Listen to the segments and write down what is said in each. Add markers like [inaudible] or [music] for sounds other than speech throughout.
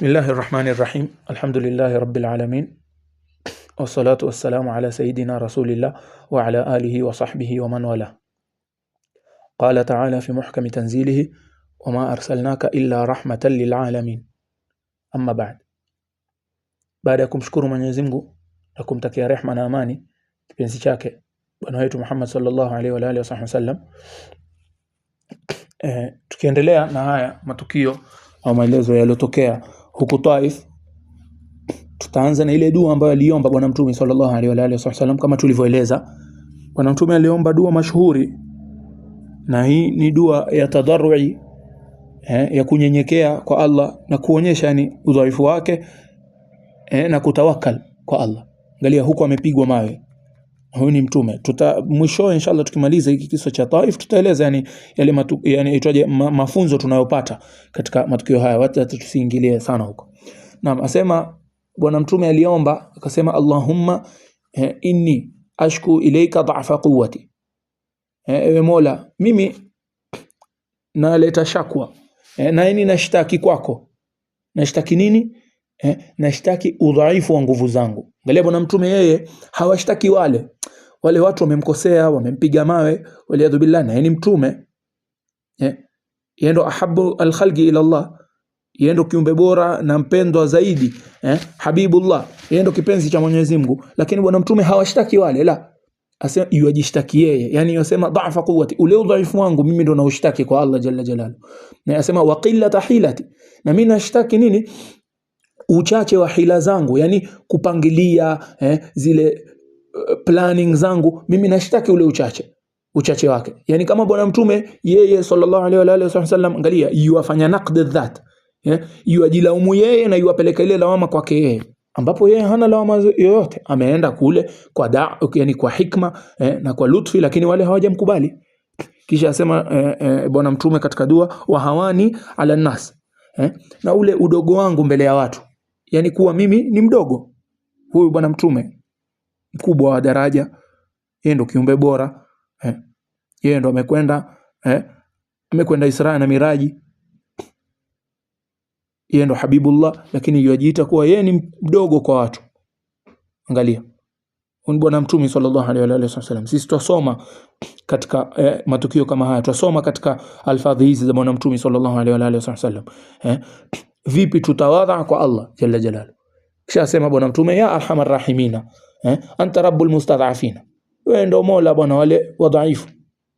بسم الله الرحمن الرحيم الحمد لله رب العالمين والصلاة والسلام على سيدنا رسول الله وعلى آله وصحبه ومن والاه قال تعالى في محكم تنزيله وما أرسلناك إلا رحمة للعالمين أما بعد بعد بعدكم شكر من يزمكم لكم تكيا رحمة ناماني بن سيشاك بنويت محمد صلى الله عليه وآله وصحبه وسلم تكيان رليا نهاية ما تكيو أو ما يلزو يلو huko Taif tutaanza na ile dua ambayo aliomba Bwana Mtume sallallahu alaihi wa alihi wasallam, kama tulivyoeleza. Bwana Mtume aliomba dua mashuhuri, na hii ni dua ya tadarrui eh, ya kunyenyekea kwa Allah na kuonyesha yani udhaifu wake eh, na kutawakal kwa Allah. Angalia huko amepigwa mawe huyu ni mtume. Tuta mwisho inshallah tukimaliza hiki kisa cha Taif tutaeleza yani yale matu, yani itwaje ma, mafunzo tunayopata katika matukio haya. Wacha tusiingilie sana huko. Naam, asema bwana mtume aliomba akasema, Allahumma eh, inni ashku ilaika dha'fa quwwati, eh, ewe Mola mimi naleta shakwa eh, na yani nashtaki kwako. Nashtaki nini? Eh, nashtaki udhaifu wa nguvu zangu. Angalia bwana mtume yeye hawashtaki wale wale watu wamemkosea, wamempiga mawe, waliadhu billah, na ni mtume eh, yendo ahabu alkhalqi ila Allah, yendo kiumbe bora na mpendwa zaidi eh, habibullah, yendo kipenzi cha Mwenyezi Mungu. Lakini bwana mtume hawashtaki wale la asema yuwajishtaki yeye, yani yosema dhaafa quwwati, ule udhaifu wangu mimi ndo naushtaki kwa Allah jalla jalalu. Na yasema wa qillat hilati, na mimi nashtaki nini? Uchache wa hila zangu, yani kupangilia eh, zile Eh, planning zangu mimi nashtaki ule uchache uchache wake. Yani kama bwana mtume yeye sallallahu alaihi wa alihi wasallam, angalia yuwafanya naqd dhat, yeah? yuwajilaumu yeye na yuwapeleka ile lawama kwake yeye ambapo yeye hana lawama yoyote, ameenda kule kwa da, yani kwa hikma eh, na kwa lutfi, lakini wale hawajamkubali. Kisha asema eh, eh, bwana mtume katika dua hawani ala nas eh, na ule udogo wangu mbele ya watu, yani kuwa mimi ni mdogo huyu bwana mtume mkubwa wa daraja, yeye ndo kiumbe bora eh. Yeye ndo amekwenda eh, amekwenda Israa na Miraji, yeye ndo Habibullah, lakini yajiita kuwa yeye ni mdogo kwa watu. Angalia Bwana Mtume sallallahu alaihi wa alihi wasallam. Sisi twasoma katika eh, matukio kama haya twasoma katika alfadhi hizi za Bwana Mtume sallallahu alaihi wa alihi wasallam eh, vipi tutawadha kwa Allah jalla jalal. Kisha asema Bwana Mtume, ya arhamar rahimina eh? Anta rabbul mustadhafin, wewe ndo mola bwana wale wadhaifu.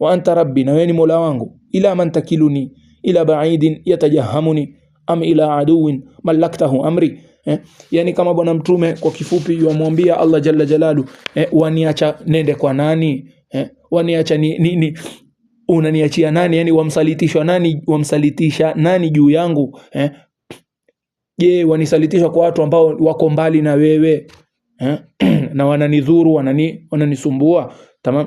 Wa anta rabbi, na wewe ni mola wangu. Ila man takiluni ila baidin yatajahamuni am ila aduwin malaktahu amri eh? Yani kama bwana mtume kwa kifupi yuamwambia Allah jalla jalalu eh, waniacha nende kwa nani eh? waniacha ni, ni, ni unaniachia nani? Yani wamsalitishwa nani? wamsalitisha nani juu yangu eh? Je, wanisalitishwa kwa watu ambao wako mbali na wewe? Eh? [clears throat] na wananidhuru, wanani wananisumbua. Tamam,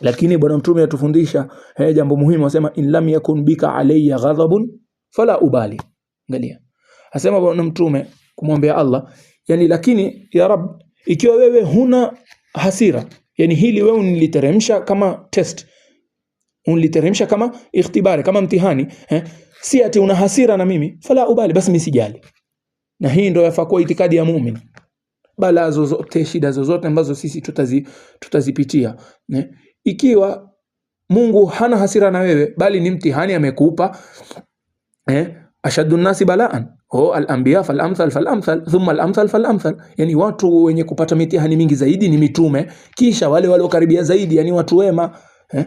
lakini bwana mtume atufundisha eh, jambo muhimu, asema in lam yakun bika alayya ghadabun fala ubali. Angalia, asema bwana mtume kumwambia Allah, yani lakini ya Rab, ikiwa wewe huna hasira, yani hili wewe uniliteremsha kama test, uniliteremsha kama ikhtibari, kama mtihani eh, si ati una hasira na mimi, fala ubali, basi mimi sijali. Na hii ndio yafaa kuwa itikadi ya muumini balaa zozote, shida zozote ambazo sisi tutazi, tutazipitia ne? Ikiwa Mungu hana hasira na wewe, bali ni mtihani amekupa eh? ashaddu nnasi balaan oh, alambiya falamthal falamthal thumma fal falamthal, yani watu wenye kupata mitihani mingi zaidi ni mitume, kisha wale waliokaribia zaidi, yani watu wema eh?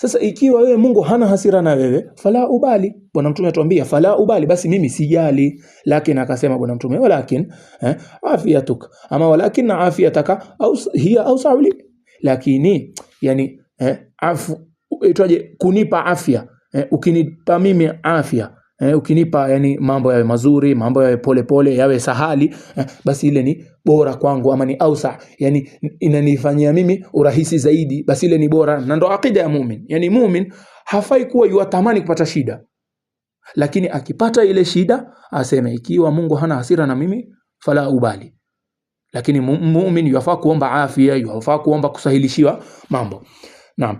Sasa ikiwa wewe Mungu hana hasira na wewe, fala ubali. Bwana Mtume atuambia fala ubali, basi mimi sijali. Lakini akasema Bwana Mtume, walakin eh, afiyatuk ama walakin na afiyataka au hiya au sauli, lakini yani eh, afu itwaje, kunipa afya eh, ukinipa mimi afya eh, ukinipa yani mambo yawe mazuri, mambo yawe pole pole, yawe sahali eh, basi ile ni bora kwangu, ama ni ausa, yani inanifanyia mimi urahisi zaidi, basi ile ni bora. Na ndo akida ya mumin, yani mumin hafai kuwa yuatamani kupata shida, lakini akipata ile shida aseme ikiwa Mungu hana hasira na mimi fala ubali lakini mumin yafaa kuomba afya, yafaa kuomba kusahilishiwa mambo. Naam.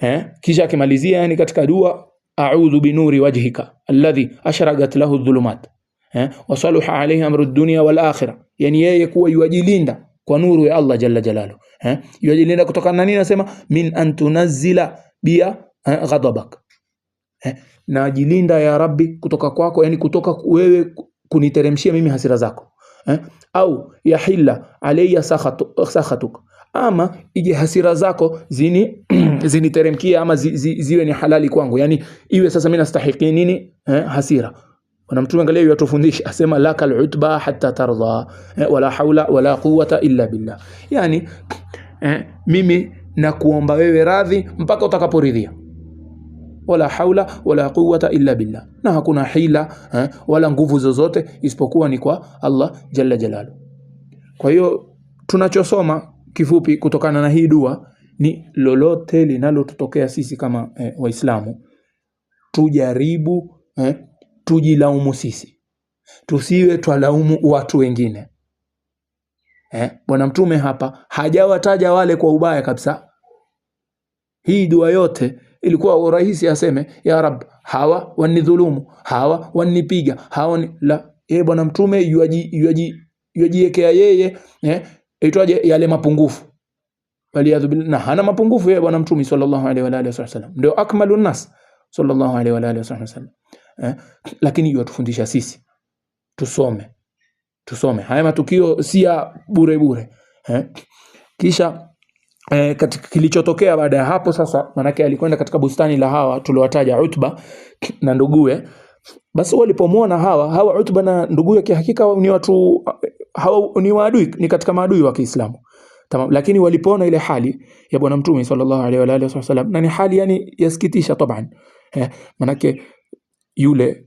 Eh, kisha akimalizia yani katika dua a'udhu binuri wajhika alladhi ashragat lahu dhulumat eh, wasaluha alayhi amru dunya wal akhirah, yani yeye kuwa yuajilinda kwa nuru ya Allah jalla jalalu eh, yuajilinda kutokana na nini? Nasema min an tunazzila bia eh, ghadabak eh, najilinda ya Rabbi kutoka kwako, yani kutoka wewe kuniteremshia mimi hasira zako eh, au yahilla alayya sakhatuk, sakhatuk ama ije hasira zako zini [clears throat] Mm. ziniteremkie ama zi, zi, ziwe ni halali kwangu, yani iwe sasa mimi nastahiki nini eh, hasira Bwana Mtume angalia atufundisha, asema lakal utba hatta tarda eh, wala haula wala quwwata illa billah, yani eh, mimi nakuomba wewe radhi mpaka utakaporidhia wala haula wala quwwata illa billah, na hakuna hila eh, wala nguvu zozote isipokuwa ni kwa Allah jalla jalalu. Kwa hiyo tunachosoma kifupi kutokana na hii dua ni lolote linalotutokea sisi kama eh, Waislamu tujaribu eh, tujilaumu sisi, tusiwe twalaumu watu wengine eh. Bwana Mtume hapa hajawataja wale kwa ubaya kabisa. Hii dua yote ilikuwa urahisi aseme ya Rab, hawa wanidhulumu, hawa wanipiga, hawa ni la yeye. Eh, Bwana Mtume yuajiekea yuaji yeye eh, itwaje yale mapungufu waliyadhu billah, na hana mapungufu yeye bwana mtume sallallahu alaihi wa alihi wasallam, ndio akmalun nas sallallahu alaihi wa alihi wasallam. Eh, lakini yeye atufundisha sisi tusome, tusome haya matukio si ya bure bure eh. Kisha eh, katika kilichotokea baada ya hapo sasa, manake alikwenda katika bustani la hawa tuliowataja Utba na nduguye basi walipomwona hawa hawa Utba na nduguye kihakika ni watu eh, hawa ni waadui, ni katika maadui wa Kiislamu. Tamam, lakini walipoona ile hali ya bwana mtume sallallahu alaihi wa alihi wasallam, na ni hali yani yasikitisha taban, eh, manake yule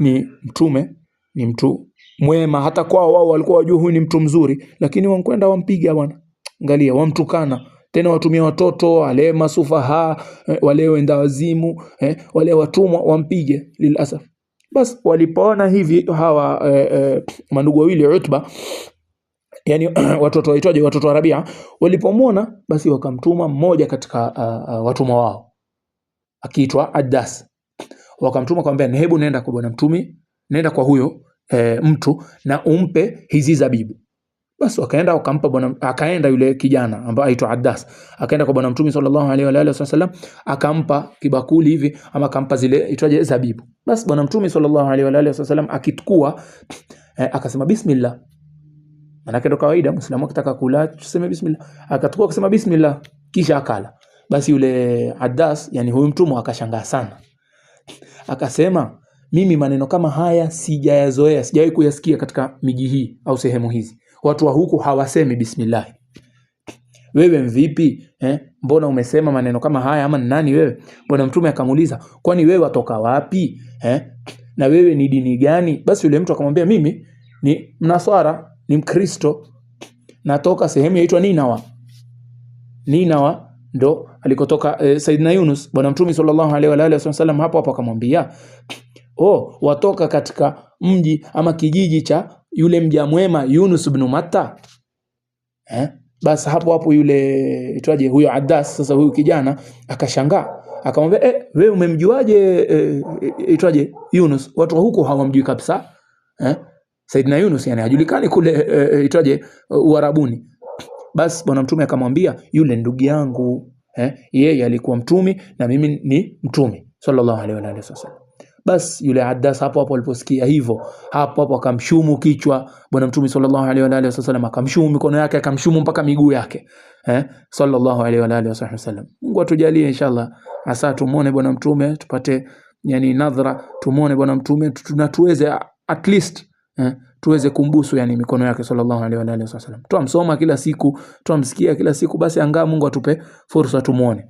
ni mtume, ni mtu mwema, hata kwao wao walikuwa wajua huyu ni mtu mzuri, lakini wankwenda wampiga bwana, angalia, wamtukana tena watumia watoto wale masufaha eh, wale wenda wazimu eh, wale watumwa wampige lilasaf. Bas walipoona hivi hawa eh, eh, mandugu wawili Utba yani [clears throat] watoto waitwaje, watoto wa Rabia walipomwona, basi wakamtuma mmoja katika uh, uh, watumwa wao akiitwa Adas, wakamtuma kwambia, hebu nenda kwa bwana mtumi, nenda kwa huyo e, mtu na umpe hizi zabibu. Basi wakaenda wakampa bwana, akaenda yule kijana ambaye aitwa Adas, akaenda kwa bwana mtumi sallallahu alaihi wa alihi wasallam, akampa kibakuli hivi ama akampa zile itwaje zabibu. Basi bwana mtumi sallallahu alaihi wa alihi wasallam akitukua, e, akasema bismillah Maanake ndo kawaida Muislamu akitaka kula tuseme bismillah. akatukua kusema bismillah kisha akala. Basi yule Adas, yani huyu mtumwa akashangaa sana. [laughs] Akasema mimi maneno kama haya sijayazoea, sijawahi kuyasikia katika miji hii au sehemu hizi. Watu wa huku hawasemi bismillah. [laughs] Wewe mvipi eh? Mbona umesema maneno kama haya? Ama nani wewe? Bwana Mtume akamuuliza, kwani wewe watoka wapi eh? na wewe ni dini gani? Basi yule mtu akamwambia, mimi ni Mnaswara ni Mkristo, natoka sehemu yaitwa Ninawa. Ninawa ndo alikotoka e, Saidina Yunus. Bwana Mtume sallallahu alaihi wa alihi wasallam hapo hapo akamwambia, oh, watoka katika mji ama kijiji cha yule mja mwema Yunus ibn Matta eh? Basi hapo hapo yule itwaje, huyo Adas, sasa huyu kijana akashangaa akamwambia, eh, wewe umemjuaje? Eh, eh itwaje Yunus, watu huko hawamjui kabisa eh? Saidina Yunus yani hajulikani kule e, eh, eh, itaje eh, Uarabuni. Basi bwana mtume akamwambia yule ndugu yangu eh, yeye alikuwa mtumi na mimi ni mtume sallallahu alaihi wa alihi wasallam. Basi yule Adas hapo hapo aliposikia hivyo, hapo hapo akamshumu kichwa bwana mtume sallallahu alaihi wa alihi wasallam, akamshumu mikono yake, akamshumu mpaka miguu yake eh, sallallahu alaihi wa alihi wasallam. Mungu atujalie inshallah, asa tumuone bwana mtume tupate yani nadhara, tumuone bwana mtume na tuweze at least eh, tuweze kumbusu yani mikono yake sallallahu alaihi wa alihi wasallam. Twamsoma kila siku, twamsikia kila siku, basi angaa Mungu atupe fursa tumuone.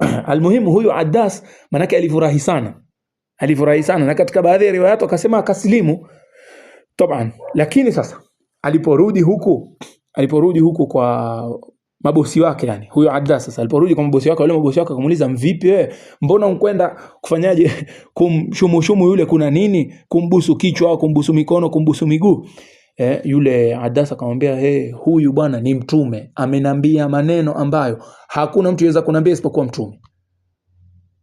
[clears throat] Almuhimu huyu Adas manake alifurahi sana, alifurahi sana, na katika baadhi ya riwaya akasema akasilimu taban. Lakini sasa aliporudi huku, aliporudi huku kwa mabosi wake yani, huyo adas sasa aliporudi kwa mabosi wake, wale mabosi wake akamuuliza mvipi wewe, mbona unkwenda kufanyaje [laughs] kumshumushumu yule, kuna nini? Kumbusu kichwa au kumbusu mikono, kumbusu miguu? Eh, yule Adasa akamwambia hey, huyu bwana ni mtume, amenambia maneno ambayo hakuna mtu yaweza kunambia isipokuwa mtume.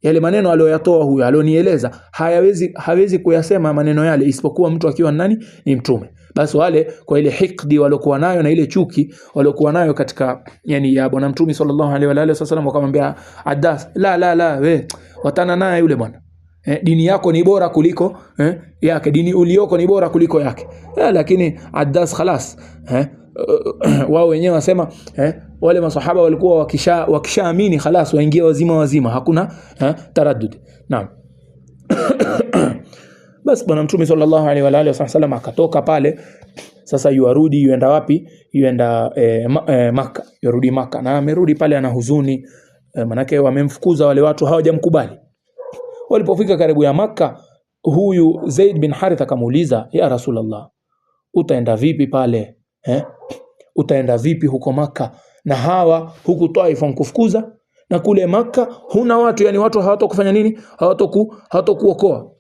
Yale maneno aliyoyatoa huyo alionieleza, hayawezi hawezi kuyasema maneno yale isipokuwa mtu akiwa nani? Ni mtume. Basi wale kwa ile hikdi waliokuwa nayo na ile chuki waliokuwa nayo katika yani ya bwana mtume sallallahu alaihi wa alihi wasallam, wakamwambia Adas, la la la, we watana naye yule bwana Eh, dini yako ni bora kuliko eh, yake dini ulioko ni bora kuliko yake eh, lakini Adas khalas eh, uh, [clears throat] wao wenyewe wanasema eh, wale masahaba walikuwa wakisha wakishaamini khalas waingia wazima wazima, hakuna eh, taraddud. Naam. [clears throat] Basi bwana Mtume sallallahu alaihi wa alihi wasallam akatoka pale. Sasa yuarudi yuenda wapi? Yuenda eh, eh, Maka, yurudi Maka na amerudi pale ana huzuni eh, manake wamemfukuza wale watu hawajamkubali. Walipofika karibu ya Maka, huyu Zaid bin Haritha akamuuliza ya Rasulullah, utaenda vipi pale? eh? Utaenda vipi huko Maka na hawa huku Taifa nkufukuza na kule Maka huna watu, yani watu hawatokufanya nini? Hawatoku hawatokuokoa.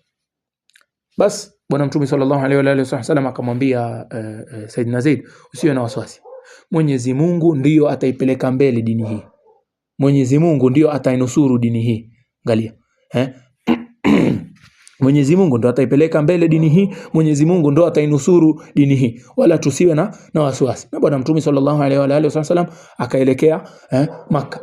Basi Bwana Mtume sallallahu alaihi wa alihi wasallam akamwambia uh, eh, uh, eh, Saidina Zaid, usiwe na wasiwasi, Mwenyezi Mungu ndiyo ataipeleka mbele dini hii, Mwenyezi Mungu ndiyo atainusuru dini hii. Angalia eh? Mwenyezi Mungu ndo ataipeleka mbele dini hii, Mwenyezi Mungu ndo atainusuru dini hii, wala tusiwe na, na wasiwasi. Na Bwana Mtume sallallahu alaihi wa alihi wasallam akaelekea eh, Makka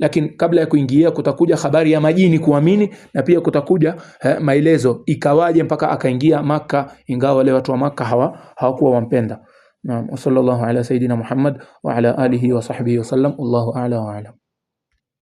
lakini kabla ya kuingia kutakuja habari ya majini kuamini na pia kutakuja eh, maelezo ikawaje mpaka akaingia Makka, ingawa wale watu wa Makka hawa hawakuwa wampenda. Naam, sallallahu ala sayidina Muhammad wa ala alihi wa sahbihi wasallam. Allahu a'la wa a'lam.